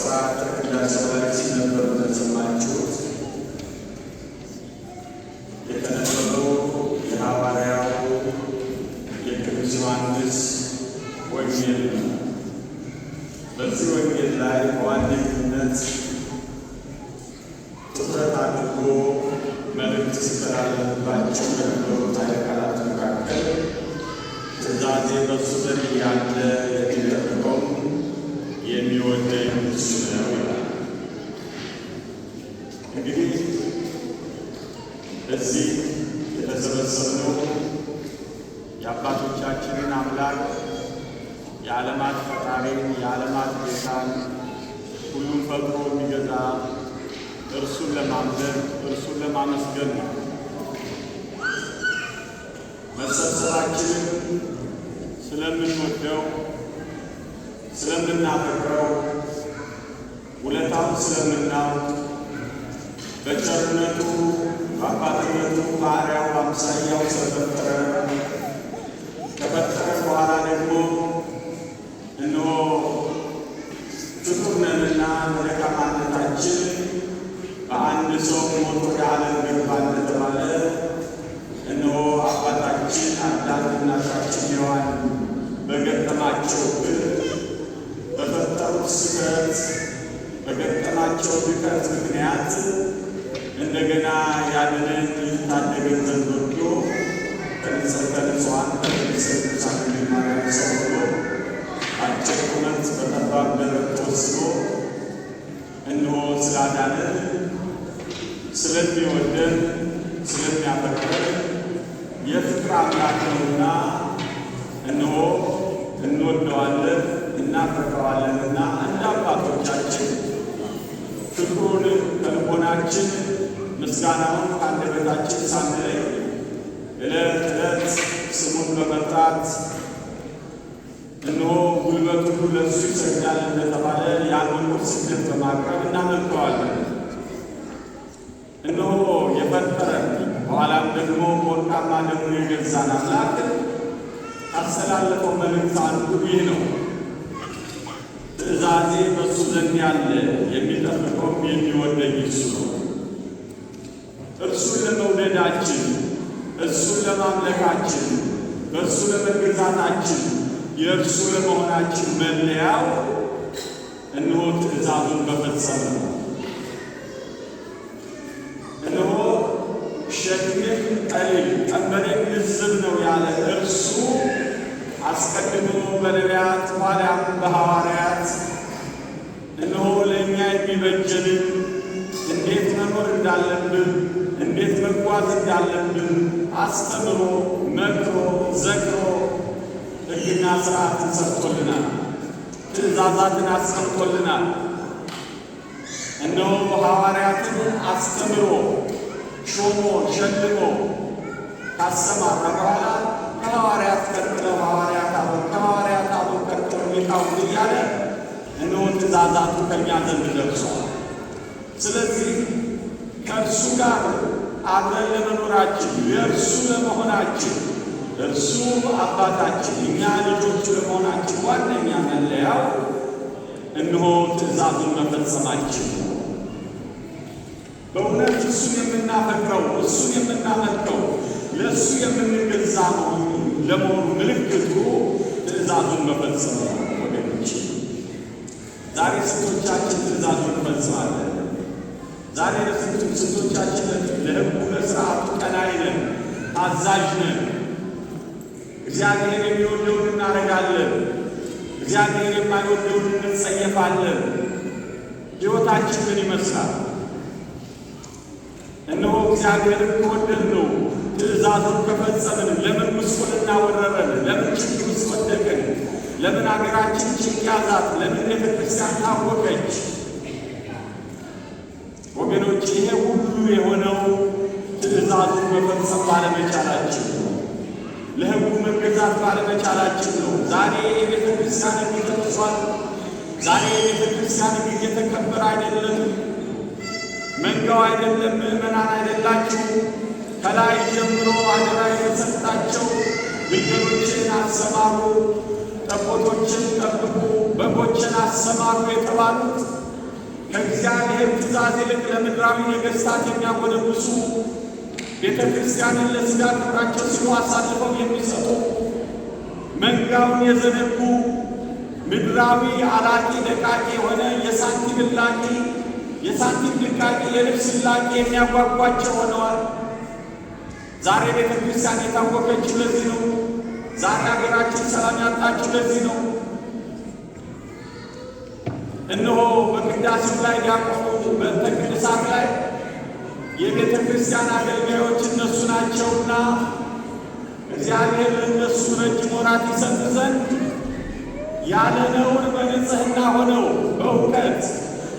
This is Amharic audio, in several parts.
ሰዓት ቅዳሴ ላይ ሲነበሩ ተሰማችሁት። የተነበሩ የሐዋርያው የቅዱስ ዮሐንስ ወንጌል ነው። በዚህ ወንጌል ላይ በዋነኝነት ትኩረት አድርጎ መልእክት ሲተላለፍባቸው ከነበሩ ታሪካላት መካከል ትእዛዜ በሱ ዘንድ ያለ የግል የሚወደኝ እዚህ የተሰበሰብነው የአባቶቻችንን አምላክ የዓለማት ፈጣሪን የዓለማት ጌታን ሁሉም ፈጥሮ የሚገዛ እርሱን ለማምለክ እርሱን ለማመስገን ነው። መሰብሰባችንን ስለምንወደው ስለምናከብረው ውለታው ስለምናውቅ በቸርነቱ በአባትነቱ ባህሪያው አምሳያው ስለፈጠረ ከፈጠረ በኋላ ደግሞ እነሆ ፍጡር ነንና በአንድ ሰው ሞቶ ወደ ገባ እንደተባለ እነሆ አባታችን አዳም እናታችን ሔዋን በገጠማቸው በገጠማቸው ድቀት ምክንያት እንደገና ያንን ታደገበት ወዶ ከንጽሕተ ንጹሐን ከቅድስተ ቅዱሳን ማርያም ሰው አጭር ቁመት በጠባብ ደረት ተወስኖ እንሆ ስላዳነን ስለሚወደን ስለሚያፈቅረን የፍቅር አምላክ ነውና እንሆ እንወደዋለን እናፈቅረዋለንና እንደ አባቶቻችን አምላካችን ምስጋናውን ከአንደበታችን ሳንለይ እለት እለት ስሙን በመጥራት እነሆ ጉልበቱ ለእርሱ ይሰግዳል እንደተባለ ያንን ስግደት በማቅረብ እናመልከዋለን። እነሆ የፈጠረን በኋላም ደግሞ በወርቃማ ደሙ የገዛን አምላክ ካስተላለፈው መልእክት አንዱ ይህ ነው። ትእዛዜ በእሱ ዘንድ ያለ የሚጠብቀውም የሚወደኝ እርሱ ነው። እርሱን ለመውደዳችን፣ እርሱን ለማምለካችን፣ በእርሱ ለመገዛታችን፣ የእርሱ ለመሆናችን መለያው እነሆ ትእዛዙን በፈጸመ ነው። እነሆ ሸክሜ ቀሊል ቀንበሬም ልዝብ ነው ያለ እርሱ አስቀድሞ በነቢያት ኋላም በሐዋርያ የሚበጀንን እንዴት መኖር እንዳለብን እንዴት መጓዝ እንዳለብን አስተምሮ መክሮ ዘክሮ ሕግና ስርዓትን ሰርቶልናል። ትእዛዛትን አስቀምጦልናል። እነሆ ሐዋርያትን አስተምሮ ሾሞ ሸልሞ ካሰማራ በኋላ ከሐዋርያት ቀጥለው ሐዋርያት አበው ከሐዋርያት አበው ቀጥለው ሊቃውንት እያለ እነሆ ትእዛዛቱ ከእኛ ዘንድ ደርሷል። ስለዚህ ከእርሱ ጋር አብረን ለመኖራችን የእርሱ ለመሆናችን እርሱ አባታችን እኛ ልጆቹ ለመሆናችን ዋነኛ መለያው እነሆ ትእዛዙን መፈጸማችን በእውነት እሱን የምናፈቅረው እሱን የምናመልከው ለእሱ የምንገዛ ለመሆኑ ምልክቱ ትእዛዙን መፈጸም ወገኖች ዛሬ ስንቶቻችን ትእዛዙን እንፈጽማለን? ዛሬ ስንቶቻችን ለሕጉ ለሥርዓቱ ቀናኢ ነን፣ ታዛዥ ነን? እግዚአብሔር የሚወደውን እናደርጋለን፣ እግዚአብሔር የማይወደውን እንጸየፋለን። ሕይወታችን ምን ይመስላል? እነሆ እግዚአብሔርን ከወደድ ነው ትእዛዙን ከፈጸምን ለምን ምስቁልና ወረረን? ለምን ችግር ውስጥ ወደቅን? ለምን አገራችን ጭንቅ ያዛት? ለምን ቤተክርስቲያን ታወቀች? ወገኖች ይሄ ሁሉ የሆነው ትእዛዙን መፈጸም ባለመቻላችን ለሕጉ መገዛት ባለመቻላችን ነው። ዛሬ የቤተ ክርስቲያን ሕግ ዛሬ የቤተ ክርስቲያን እየተከበረ አይደለም። መንጋው አይደለም፣ ምእመናን አይደላችሁ። ከላይ ጀምሮ አደራ የተሰጣቸው ብገሮችን አሰማሩ ጠቦቶችን ጠብቁ፣ በጎችን አሰማሩ የተባሉት ከእግዚአብሔር ትእዛዝ ይልቅ ለምድራዊ ነገሥታት የሚያጎደብሱ ቤተ ክርስቲያንን ለሥጋ ክብራቸው ሲሉ አሳልፈው የሚሰጡ መንጋውን የዘነጉ ምድራዊ አላቂ ደቃቂ የሆነ የሳንቲም ላቂ የሳንቲም ድቃቂ የልብስ ላቂ የሚያጓጓቸው ሆነዋል። ዛሬ ቤተ ክርስቲያን የታወቀችው ለዚህ ነው። ዛሬ ሀገራችን ሰላም ያጣችው ለዚህ ነው። እነሆ በቅዳሴው ላይ ዲያቆኑ በዕንተ ላይ የቤተ ክርስቲያን አገልጋዮች እነሱ ናቸውና እግዚአብሔር እነሱ ረጅም ወራት ይሰጥ ዘንድ ያለነውን በንጽህና ሆነው በእውቀት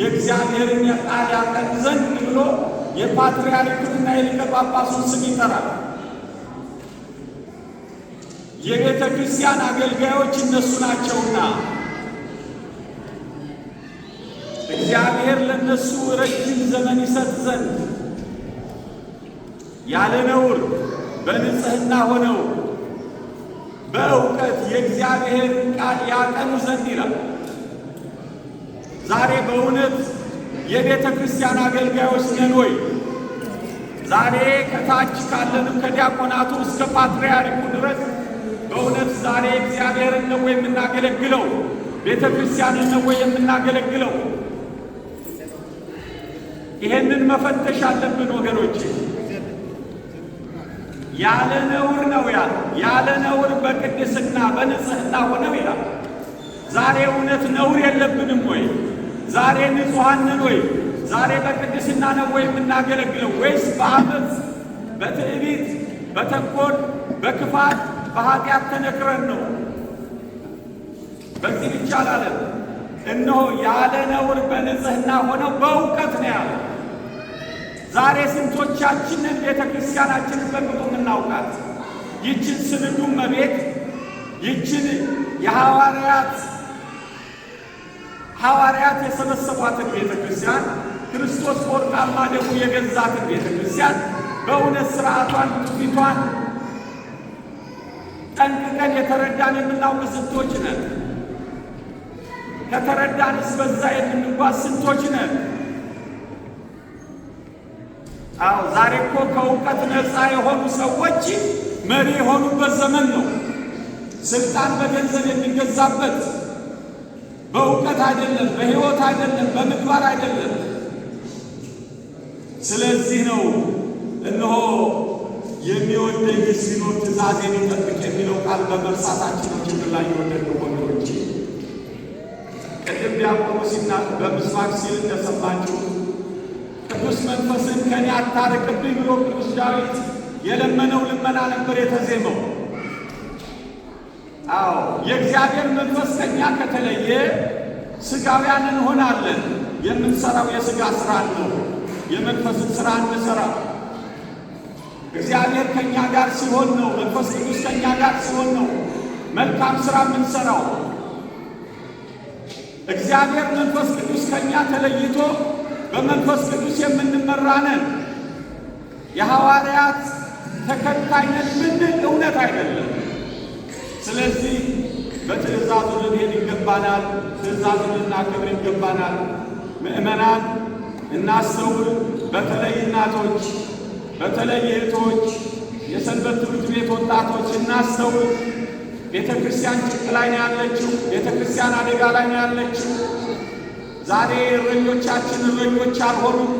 የእግዚአብሔርን ቃል ያቀን ዘንድ ብሎ የፓትርያርኩንና የሊቀ ጳጳሱን ስም ይጠራል። የቤተ ክርስቲያን አገልጋዮች እነሱ ናቸውና እግዚአብሔር ለእነሱ ረጅም ዘመን ይሰጥ ዘንድ ያለ ነውር በንጽህና ሆነው በእውቀት የእግዚአብሔርን ቃል ያቀኑ ዘንድ ይላል። ዛሬ በእውነት የቤተ ክርስቲያን አገልጋዮች ነን ወይ? ዛሬ ከታች ካለንም ከዲያቆናቱ እስከ ፓትርያርኩ ድረስ በእውነት ዛሬ እግዚአብሔርን ነው የምናገለግለው? ቤተ ክርስቲያንን ነው የምናገለግለው? ይሄንን መፈተሽ አለብን ወገኖቼ። ያለ ነውር ነው ያለ ያለ ነውር በቅድስና በንጽህና ሆነው ይላል። ዛሬ እውነት ነውር የለብንም ወይ? ዛሬ ንጹሐንን ወይ? ዛሬ በቅድስና ነው ወይ የምናገለግለው? ወይስ በአመፅ፣ በትዕቢት፣ በተንኮል፣ በክፋት በኃጢአት ተነክረን ነው። በዚህ ብቻ አላለም። እነሆ ያለ ነውር በንጽህና ሆነው በእውቀት ነው ያለ ዛሬ ስንቶቻችንን ቤተ ክርስቲያናችንን በቅጡ የምናውቃት ይችን ስንዱ መቤት ይችን የሐዋርያት ሐዋርያት የሰበሰቧትን ቤተ ክርስቲያን ክርስቶስ በወርቃማ ደሙ የገዛትን ቤተ ክርስቲያን በእውነት ስርዓቷን ትውፊቷን ጠንቅቀን የተረዳን የምናውቅ ስንቶች ነን? ከተረዳንስ በዛ የምንጓዝ ስንቶች ነን? አዎ ዛሬ እኮ ከእውቀት ነፃ የሆኑ ሰዎች መሪ የሆኑበት ዘመን ነው። ስልጣን በገንዘብ የሚገዛበት በእውቀት አይደለም፣ በሕይወት አይደለም፣ በምግባር አይደለም። ስለዚህ ነው እነሆ የሚወደኝ ሲኖር ትእዛዜን ይጠብቅ የሚለው ቃል በመርሳታችን ችግር ላይ የወደድ ወንዶች። ቅድም ዲያቆኑ ሲና በምስራቅ ሲል እንደሰማችሁ ቅዱስ መንፈስን ከኔ አታርቅብኝ ብሎ ቅዱስ ዳዊት የለመነው ልመና ነበር የተዜመው። አዎ የእግዚአብሔር መንፈስ ከኛ ከተለየ ስጋውያን እንሆናለን። የምንሰራው የስጋ ስራ ነው፣ የመንፈስን ስራ እንሰራው እግዚአብሔር ከእኛ ጋር ሲሆን ነው። መንፈስ ቅዱስ ከእኛ ጋር ሲሆን ነው መልካም ሥራ የምንሰራው እግዚአብሔር መንፈስ ቅዱስ ከእኛ ተለይቶ በመንፈስ ቅዱስ የምንመራ የሐዋርያት ተከታይነት ምንድን እውነት አይደለም። ስለዚህ በትእዛዙ ልንሄድ ይገባናል። ትእዛዙን ልናከብር ይገባናል። ምእመናን እናስተውል፣ በተለይ እናቶች በተለይ የእህቶች የሰንበት ትምህርት ቤት ወጣቶች እናስተውል። ቤተ ክርስቲያን ጭቅ ላይ ነው ያለችው። ቤተ ክርስቲያን አደጋ ላይ ነው ያለችው። ዛሬ እረኞቻችን እረኞች አልሆኑም።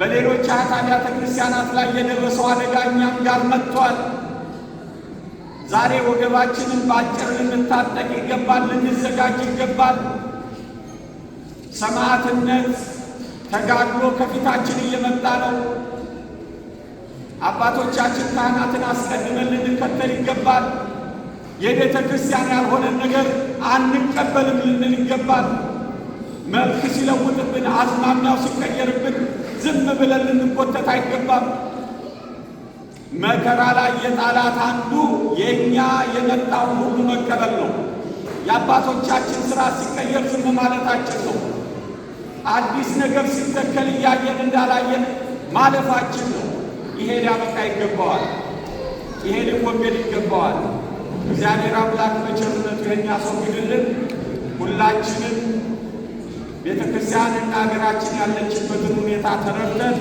በሌሎች አያት አብያተ ክርስቲያናት ላይ የደረሰው አደጋ እኛም ጋር መጥቷል። ዛሬ ወገባችንን በአጭር ልንታጠቅ ይገባል፣ ልንዘጋጅ ይገባል። ሰማዕትነት ተጋድሎ ከፊታችን እየመጣ ነው። አባቶቻችን ካህናትን አስቀድመን ልንከተል ይገባል። የቤተ ክርስቲያን ያልሆነን ነገር አንቀበልም ልንል ይገባል። መልክ ሲለውጥብን፣ አዝማሚያው ሲቀየርብን ዝም ብለን ልንቆተት አይገባም። መከራ ላይ የጣላት አንዱ የእኛ የመጣውን ሁሉ መቀበል ነው። የአባቶቻችን ሥራ ሲቀየር ዝም ማለታችን ነው። አዲስ ነገር ሲተከል እያየን እንዳላየን ማለፋችን ነው። ይሄ ሊያበቃ ይገባዋል። ይሄ ሊወገድ ይገባዋል። እግዚአብሔር አምላክ በቸርነቱ የእኛ ሰው ግድልን ሁላችንም ቤተ ክርስቲያንና ሀገራችን ያለችበትን ሁኔታ ተረድተን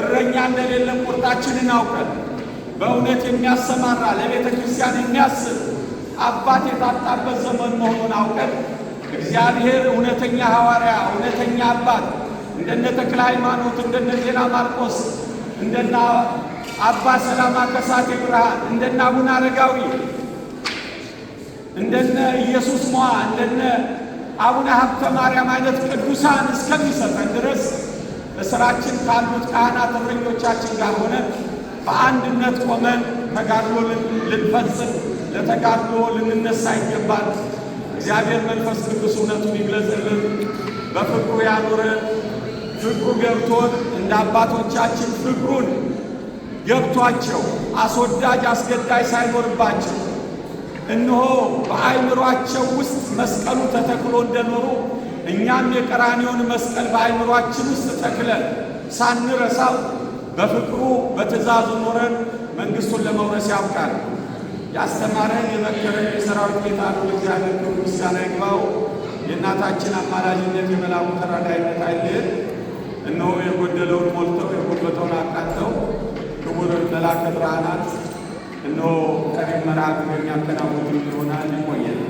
እረኛ እንደሌለን ቁርጣችንን አውቀን በእውነት የሚያሰማራ ለቤተ ክርስቲያን የሚያስብ አባት የታጣበት ዘመን መሆኑን አውቀን እግዚአብሔር እውነተኛ ሐዋርያ፣ እውነተኛ አባት እንደነ ተክለ ሃይማኖት፣ እንደነ ዜና ማርቆስ፣ እንደነ አባ ሰላማ ከሳቴ ብርሃን፣ እንደነ አቡነ አረጋዊ፣ እንደነ ኢየሱስ ሞዓ፣ እንደነ አቡነ ሀብተ ማርያም አይነት ቅዱሳን እስከሚሰጠን ድረስ በሥራችን ካሉት ካህናት እረኞቻችን ጋር ሆነ በአንድነት ቆመን ተጋድሎ ልንፈጽም ለተጋድሎ ልንነሳ ይገባል። እግዚአብሔር መንፈስ ቅዱስ እውነቱን ይግለጽልን፣ በፍቅሩ ያኑረን። ፍቅሩ ገብቶን እንደ አባቶቻችን ፍቅሩን ገብቷቸው አስወዳጅ አስገዳጅ ሳይኖርባቸው እነሆ በአይምሯቸው ውስጥ መስቀሉ ተተክሎ እንደኖሩ እኛም የቀራኒውን መስቀል በአይምሯችን ውስጥ ተክለን ሳንረሳው በፍቅሩ በትእዛዙ ኖረን መንግሥቱን ለመውረስ ያብቃል። ያስተማረን የመከረን የሰራዊት ጌታ ነው እግዚአብሔር ክብር ምስጋና ይግባው። የእናታችን አማላጅነት የመላኩ ተራዳይነት አይለየን። እነሆ የጎደለውን ሞልተው የጎበጠውን አቃተው ክቡር መልአከ ብርሃናት እነሆ ቀሪ መርሃ ግብር የሚያከናውኑልን ይሆናል። ይቆየን።